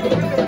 Thank you.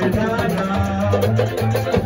my dada.